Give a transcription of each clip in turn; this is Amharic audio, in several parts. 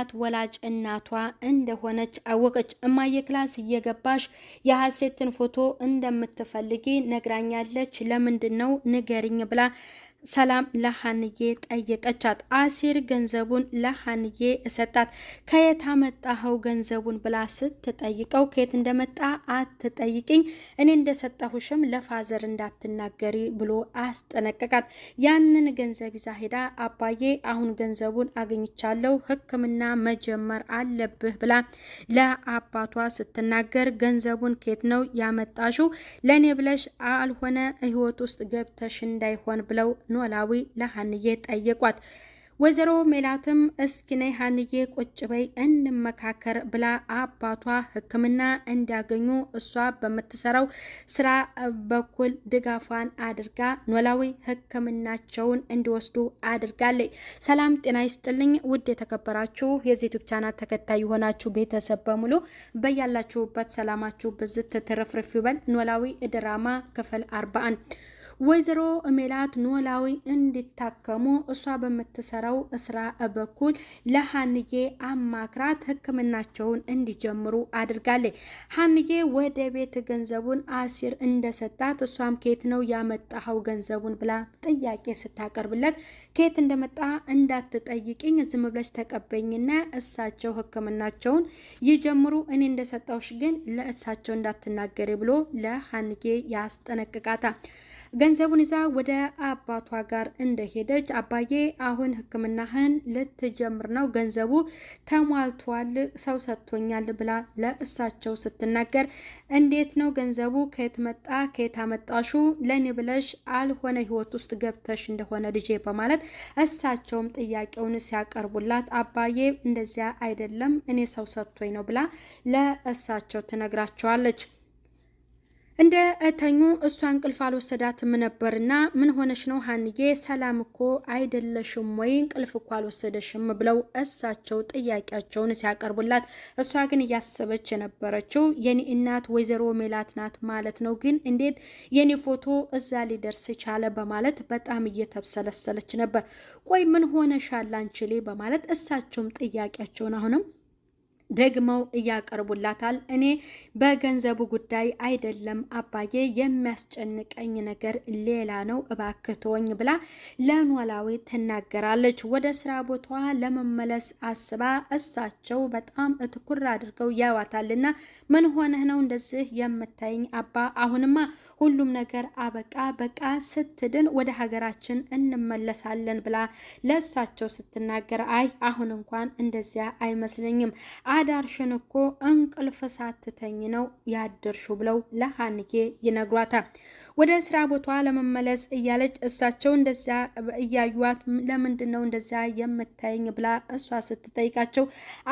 የሀሴት ወላጅ እናቷ እንደሆነች አወቀች። እማየ ክላስ እየገባሽ የሀሴትን ፎቶ እንደምትፈልጊ ነግራኛለች። ለምንድን ነው ንገርኝ ብላ ሰላም ለሀንዬ ጠየቀቻት። አሲር ገንዘቡን ለሀንዬ እሰጣት። ከየት አመጣኸው ገንዘቡን ብላ ስትጠይቀው ከየት እንደመጣ አትጠይቅኝ፣ እኔ እንደሰጠሁሽም ለፋዘር እንዳትናገሪ ብሎ አስጠነቀቃት። ያንን ገንዘብ ይዛ ሄዳ አባዬ አሁን ገንዘቡን አግኝቻለሁ፣ ሕክምና መጀመር አለብህ ብላ ለአባቷ ስትናገር ገንዘቡን ከየት ነው ያመጣሽው? ለእኔ ብለሽ አልሆነ ህይወት ውስጥ ገብተሽ እንዳይሆን ብለው ኖላዊ ለሀንዬ ጠየቋት። ወይዘሮ ሜላትም እስኪ ሀንዬ ቁጭ በይ እንመካከር ብላ አባቷ ሕክምና እንዲያገኙ እሷ በምትሰራው ስራ በኩል ድጋፏን አድርጋ ኖላዊ ሕክምናቸውን እንዲወስዱ አድርጋለች። ሰላም ጤና ይስጥልኝ ውድ የተከበራችሁ የዩቲዩብ ቻናል ተከታይ የሆናችሁ ቤተሰብ በሙሉ በያላችሁበት ሰላማችሁ ብዝት ትርፍርፍ ይበል። ኖላዊ ድራማ ክፍል 41 ወይዘሮ ሜላት ኖላዊ እንዲታከሙ እሷ በምትሰራው ስራ በኩል ለሀንዬ አማክራት ህክምናቸውን እንዲጀምሩ አድርጋለች። ሀንዬ ወደ ቤት ገንዘቡን አሲር እንደሰጣት እሷም ኬት ነው ያመጣኸው ገንዘቡን ብላ ጥያቄ ስታቀርብለት ኬት እንደመጣ እንዳትጠይቅኝ ዝም ብለሽ ተቀበኝና እሳቸው ህክምናቸውን ይጀምሩ እኔ እንደሰጣውሽ ግን ለእሳቸው እንዳትናገሪ ብሎ ለሀንዬ ያስጠነቅቃታል። ገንዘቡን ይዛ ወደ አባቷ ጋር እንደሄደች አባዬ አሁን ሕክምናህን ልትጀምር ነው፣ ገንዘቡ ተሟልቷል፣ ሰው ሰጥቶኛል ብላ ለእሳቸው ስትናገር እንዴት ነው ገንዘቡ ከየት መጣ? ከየት አመጣሹ? ለኔ ብለሽ አልሆነ ህይወት ውስጥ ገብተሽ እንደሆነ ልጄ በማለት እሳቸውም ጥያቄውን ሲያቀርቡላት አባዬ እንደዚያ አይደለም እኔ ሰው ሰጥቶኝ ነው ብላ ለእሳቸው ትነግራቸዋለች። እንደ እተኙ እሷ እንቅልፍ አልወሰዳትም ነበርና ምን ሆነች ነው ሀንዬ፣ ሰላም እኮ አይደለሽም ወይ እንቅልፍ እኮ አልወሰደሽም ብለው እሳቸው ጥያቄያቸውን ሲያቀርቡላት፣ እሷ ግን እያሰበች የነበረችው የኔ እናት ወይዘሮ ሜላት ናት ማለት ነው። ግን እንዴት የኔ ፎቶ እዛ ሊደርስ ቻለ? በማለት በጣም እየተብሰለሰለች ነበር። ቆይ ምን ሆነሻል አንቺ? በማለት እሳቸውም ጥያቄያቸውን አሁንም ደግመው እያቀርቡላታል። እኔ በገንዘቡ ጉዳይ አይደለም አባዬ፣ የሚያስጨንቀኝ ነገር ሌላ ነው፣ እባክቶኝ ብላ ለኖላዊ ትናገራለች። ወደ ስራ ቦታዋ ለመመለስ አስባ እሳቸው በጣም እትኩር አድርገው ያዋታልና ምን ሆነህ ነው እንደዚህ የምታይኝ አባ? አሁንማ ሁሉም ነገር አበቃ፣ በቃ ስትድን ወደ ሀገራችን እንመለሳለን ብላ ለእሳቸው ስትናገር አይ አሁን እንኳን እንደዚያ አይመስለኝም አዳርሽን እኮ እንቅልፍ ሳትተኝ ነው ያደርሹ ብለው ለሀንጌ ይነግሯታል። ወደ ስራ ቦታ ለመመለስ እያለች እሳቸው እንደዚያ እያዩት ለምንድን ነው እንደዚያ የምታየኝ ብላ እሷ ስትጠይቃቸው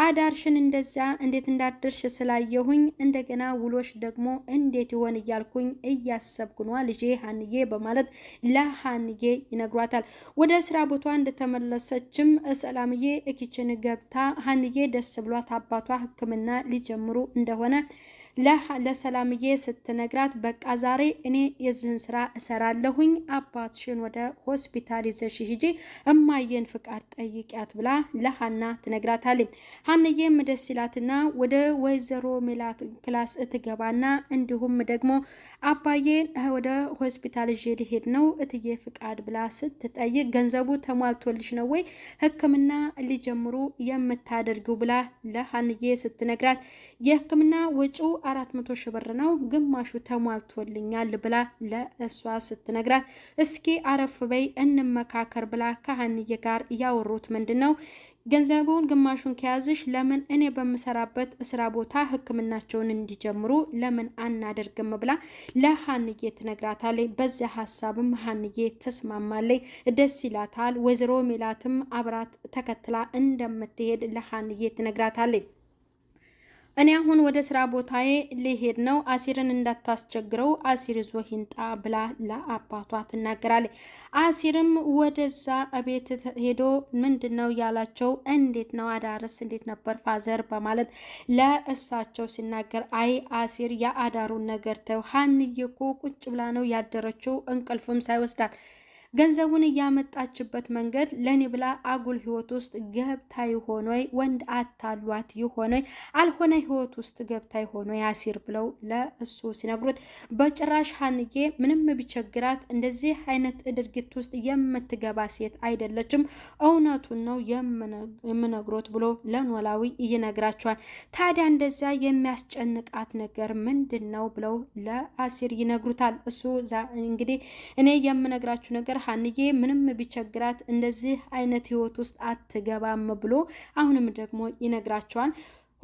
አዳርሽን እንደዚያ እንዴት እንዳደርሽ ስላየሁኝ እንደገና ውሎሽ ደግሞ እንዴት ይሆን እያልኩኝ እያሰብኩ ነዋ ልጄ ሀንዬ በማለት ለሀንዬ ይነግሯታል። ወደ ስራ ቦታ እንደተመለሰችም ሰላምዬ እኪችን ገብታ ሀንዬ ደስ ብሏት አባ አባቷ ሕክምና ሊጀምሩ እንደሆነ ለሰላምዬ ስትነግራት በቃ ዛሬ እኔ የዚህን ስራ እሰራለሁኝ አባትሽን ወደ ሆስፒታል ይዘሽ ሂጂ እማዬን ፍቃድ ጠይቂያት ብላ ለሀና ትነግራታለች። ሀንዬም ደስ ይላትና ወደ ወይዘሮ ሜላት ክላስ እትገባና እንዲሁም ደግሞ አባዬን ወደ ሆስፒታል ይዤ ልሄድ ነው እትዬ ፍቃድ ብላ ስትጠይቅ ገንዘቡ ተሟልቶልሽ ነው ወይ ሕክምና ሊጀምሩ የምታደርጊው ብላ ለሀንዬ ስትነግራት የሕክምና ወጪው አራት መቶ ሺህ ብር ነው ግማሹ ተሟልቶልኛል ብላ ለእሷ ስትነግራት እስኪ አረፍ በይ እንመካከር ብላ ከሀንዬ ጋር ያወሩት ምንድን ነው ገንዘቡን ግማሹን ከያዝሽ ለምን እኔ በምሰራበት ስራ ቦታ ሕክምናቸውን እንዲጀምሩ ለምን አናደርግም ብላ ለሀንዬ ትነግራታለች። በዚያ ሀሳብም ሀንዬ ትስማማለች፣ ደስ ይላታል። ወይዘሮ ሜላትም አብራት ተከትላ እንደምትሄድ ለሀንዬ ትነግራታለች። እኔ አሁን ወደ ስራ ቦታዬ ሊሄድ ነው፣ አሲርን እንዳታስቸግረው አሲር ይዞ ሂንጣ ብላ ለአባቷ ትናገራለች። አሲርም ወደዛ ቤት ሄዶ ምንድን ነው ያላቸው፣ እንዴት ነው አዳርስ፣ እንዴት ነበር ፋዘር በማለት ለእሳቸው ሲናገር፣ አይ አሲር የአዳሩን ነገር ተው፣ ሀንዬ እኮ ቁጭ ብላ ነው ያደረችው፣ እንቅልፍም ሳይወስዳት ገንዘቡን እያመጣችበት መንገድ ለእኔ ብላ አጉል ህይወት ውስጥ ገብታ ይሆኖይ ወንድ አታሏት ይሆኖይ አልሆነ ህይወት ውስጥ ገብታ ይሆኖይ አሲር ብለው ለእሱ ሲነግሩት በጭራሽ ሀንዬ ምንም ቢቸግራት እንደዚህ አይነት ድርጊት ውስጥ የምትገባ ሴት አይደለችም፣ እውነቱን ነው የምነግሮት ብሎ ለኖላዊ ይነግራቸዋል። ታዲያ እንደዚያ የሚያስጨንቃት ነገር ምንድን ነው ብለው ለአሲር ይነግሩታል። እሱ እንግዲህ እኔ የምነግራችሁ ነገር ነገር ሀንዬ ምንም ቢቸግራት እንደዚህ አይነት ህይወት ውስጥ አትገባም ብሎ አሁንም ደግሞ ይነግራቸዋል።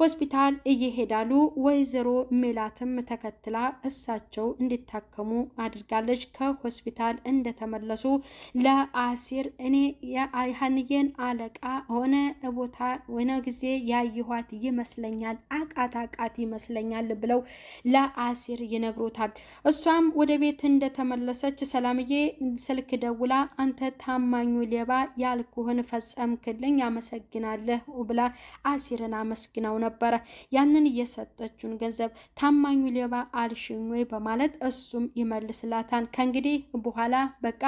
ሆስፒታል እየሄዳሉ። ወይዘሮ ሜላትም ተከትላ እሳቸው እንዲታከሙ አድርጋለች። ከሆስፒታል እንደተመለሱ ለአሲር እኔ የሀንዬን አለቃ ሆነ ቦታ ሆነ ጊዜ ያየኋት ይመስለኛል፣ አቃት አቃት ይመስለኛል ብለው ለአሲር ይነግሩታል። እሷም ወደ ቤት እንደተመለሰች ሰላምዬ ስልክ ደውላ አንተ ታማኙ ሌባ ያልኩህን ፈጸምክልኝ፣ ያመሰግናለህ ብላ አሲርን አመስግናው ነው ነበረ። ያንን እየሰጠችውን ገንዘብ ታማኙ ሌባ አልሽኝ ወይ በማለት እሱም ይመልስላታል። ከእንግዲህ በኋላ በቃ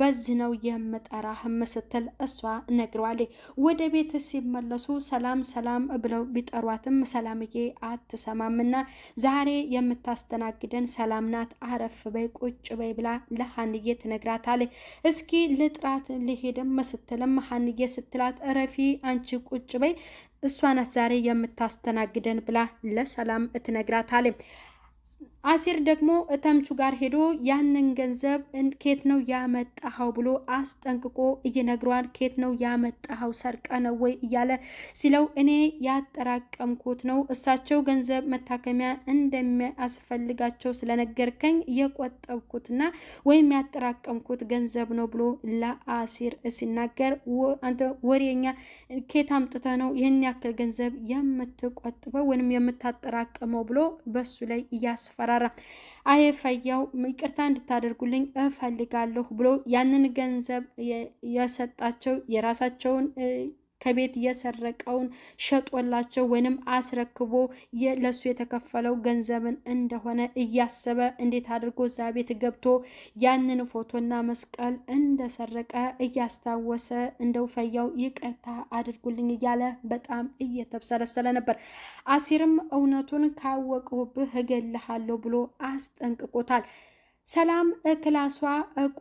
በዚህ ነው የምጠራህም ስትል እሷ ነግረዋለች። ወደ ቤት ሲመለሱ ሰላም ሰላም ብለው ቢጠሯትም ሰላምዬ አትሰማምና ዛሬ የምታስተናግደን ሰላም ናት፣ አረፍ በይ ቁጭ በይ ብላ ለሀንዬ ትነግራታለች። እስኪ ልጥራት ልሄድም ስትልም ሀንዬ ስትላት እረፊ አንቺ ቁጭ በይ እሷ ናት ዛሬ የምታስተናግደን ብላ ለሰላም እትነግራታለች። አሲር ደግሞ እተምቹ ጋር ሄዶ ያንን ገንዘብ ኬት ነው ያመጣኸው ብሎ አስጠንቅቆ እየነግሯል። ኬት ነው ያመጣኸው ሰርቀ ነው ወይ እያለ ሲለው እኔ ያጠራቀምኩት ነው እሳቸው ገንዘብ መታከሚያ እንደሚያስፈልጋቸው ስለነገርከኝ የቆጠብኩትና ወይም ያጠራቀምኩት ገንዘብ ነው ብሎ ለአሲር ሲናገር አንተ ወሬኛ ኬት አምጥተ ነው ይህን ያክል ገንዘብ የምትቆጥበው ወይም የምታጠራቅመው ብሎ በሱ ላይ እያ እያስፈራራ አይ ፈያው ይቅርታ እንድታደርጉልኝ እፈልጋለሁ ብሎ ያንን ገንዘብ የሰጣቸው የራሳቸውን ከቤት የሰረቀውን ሸጦላቸው ወይንም አስረክቦ ለሱ የተከፈለው ገንዘብን እንደሆነ እያሰበ እንዴት አድርጎ እዛ ቤት ገብቶ ያንን ፎቶና መስቀል እንደሰረቀ እያስታወሰ እንደው ፈያው ይቅርታ አድርጉልኝ እያለ በጣም እየተብሰለሰለ ነበር። አሲርም እውነቱን ካወቅሁብህ እገልሃለሁ ብሎ አስጠንቅቆታል። ሰላም ክላሷ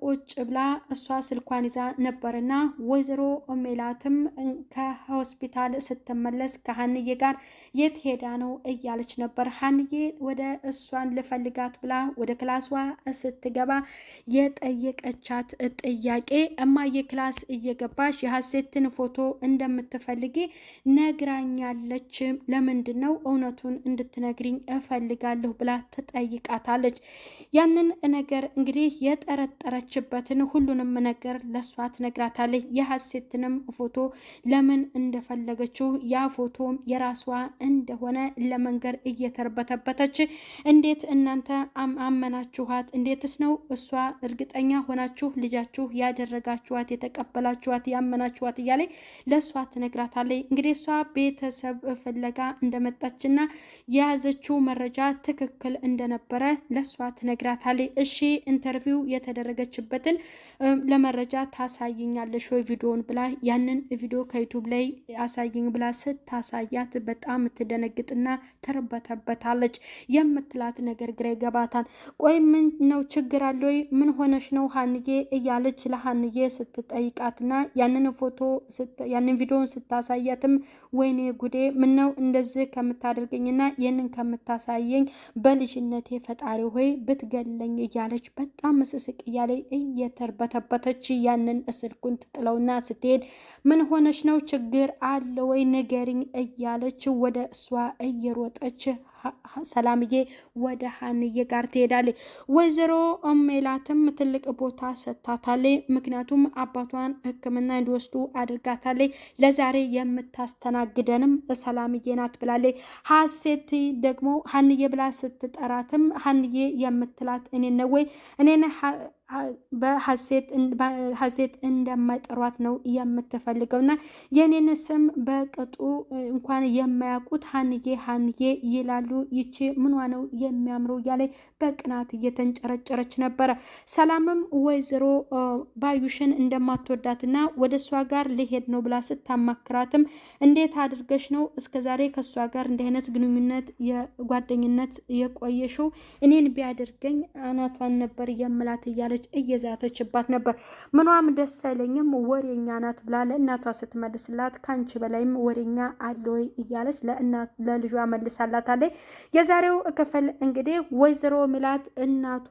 ቁጭ ብላ እሷ ስልኳን ይዛ ነበርና ወይዘሮ ሜላትም ከሆስፒታል ስትመለስ ከሀንዬ ጋር የት ሄዳ ነው እያለች ነበር። ሀንዬ ወደ እሷን ልፈልጋት ብላ ወደ ክላሷ ስትገባ የጠየቀቻት ጥያቄ እማዬ ክላስ እየገባሽ የሀሴትን ፎቶ እንደምትፈልጊ ነግራኛለች። ለምንድን ነው እውነቱን እንድትነግሪኝ እፈልጋለሁ ብላ ትጠይቃታለች። ያንን ነገር እንግዲህ የጠረጠረችበትን ሁሉንም ነገር ለእሷ ትነግራታለች። የሀሴትንም ፎቶ ለምን እንደፈለገችው ያ ፎቶ የራሷ እንደሆነ ለመንገር እየተርበተበተች እንዴት እናንተ አመናችኋት? እንዴትስ ነው እሷ እርግጠኛ ሆናችሁ ልጃችሁ ያደረጋችኋት፣ የተቀበላችኋት፣ ያመናችኋት እያለ ለእሷ ትነግራታለች። እንግዲህ እሷ ቤተሰብ ፍለጋ እንደመጣችና የያዘችው መረጃ ትክክል እንደነበረ ለእሷ ትነግራታለች። እሺ ኢንተርቪው የተደረገችበትን ለመረጃ ታሳይኛለሽ ወይ ቪዲዮን ብላ ያንን ቪዲዮ ከዩቱብ ላይ አሳይኝ ብላ ስታሳያት በጣም ትደነግጥና ትርበተበታለች። የምትላት ነገር ግራ ይገባታል። ቆይ ምን ነው ችግር አለ ወይ ምን ሆነሽ ነው ሀንዬ እያለች ለሀንዬ ስትጠይቃትና ያንን ፎቶ ያንን ቪዲዮን ስታሳያትም ወይኔ ጉዴ ነው እንደዚህ ከምታደርገኝና ይህንን ከምታሳየኝ በልጅነቴ ፈጣሪ ሆይ ብትገለኝ እያለች በጣም ምስስቅ እያለ እየተርበተበተች ያንን ስልኩን ትጥለውና ስትሄድ ምን ሆነች ነው ችግር አለ ወይ ንገሪኝ እያለች ወደ እሷ እየሮጠች ሰላምዬ ወደ ሀንዬ ጋር ትሄዳለች። ወይዘሮ ሜላትም ትልቅ ቦታ ሰጥታታለች። ምክንያቱም አባቷን ሕክምና እንዲወስዱ አድርጋታለች። ለዛሬ የምታስተናግደንም ሰላምዬ ናት ብላለች። ሀሴት ደግሞ ሀንዬ ብላ ስትጠራትም ሀንዬ የምትላት እኔ ነው ወይ በሀሴት እንደማይጠሯት ነው የምትፈልገው እና የኔን ስም በቅጡ እንኳን የማያውቁት ሀንዬ ሀንዬ ይላሉ። ይቺ ምኗ ነው የሚያምሩ እያለ በቅናት እየተንጨረጨረች ነበረ። ሰላምም ወይዘሮ ባዩሽን እንደማትወዳትና ወደ እሷ ጋር ልሄድ ነው ብላ ስታማክራትም እንዴት አድርገሽ ነው እስከዛሬ ከእሷ ጋር እንዲህ አይነት ግንኙነት የጓደኝነት የቆየሽው? እኔን ቢያደርገኝ አናቷን ነበር የምላት እያለች እያለች እየዛተችባት ነበር። ምኗም ደስ አይለኝም ወሬኛ ናት ብላ ለእናቷ ስትመልስላት ከአንቺ በላይም ወሬኛ አለ ወይ እያለች ለልጇ መልሳላት አለ። የዛሬው ክፍል እንግዲህ ወይዘሮ ሚላት እናቷ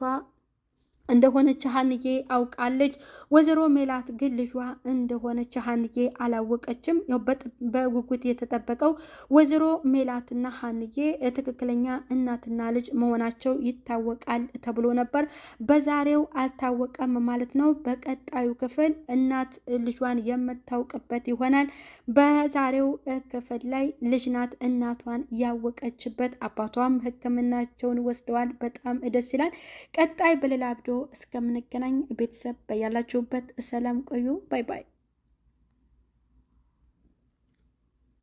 እንደሆነች ሀንዬ አውቃለች። ወይዘሮ ሜላት ግን ልጇ እንደሆነች ሀንዬ አላወቀችም። በጉጉት የተጠበቀው ወይዘሮ ሜላትና ሀንዬ ትክክለኛ እናትና ልጅ መሆናቸው ይታወቃል ተብሎ ነበር። በዛሬው አልታወቀም ማለት ነው። በቀጣዩ ክፍል እናት ልጇን የምታውቅበት ይሆናል። በዛሬው ክፍል ላይ ልጅ ናት እናቷን ያወቀችበት። አባቷም ሕክምናቸውን ወስደዋል። በጣም ደስ ይላል። ቀጣይ በሌላ አብዶ እስከምንገናኝ ቤተሰብ በያላችሁበት ሰላም ቆዩ። ባይ ባይ።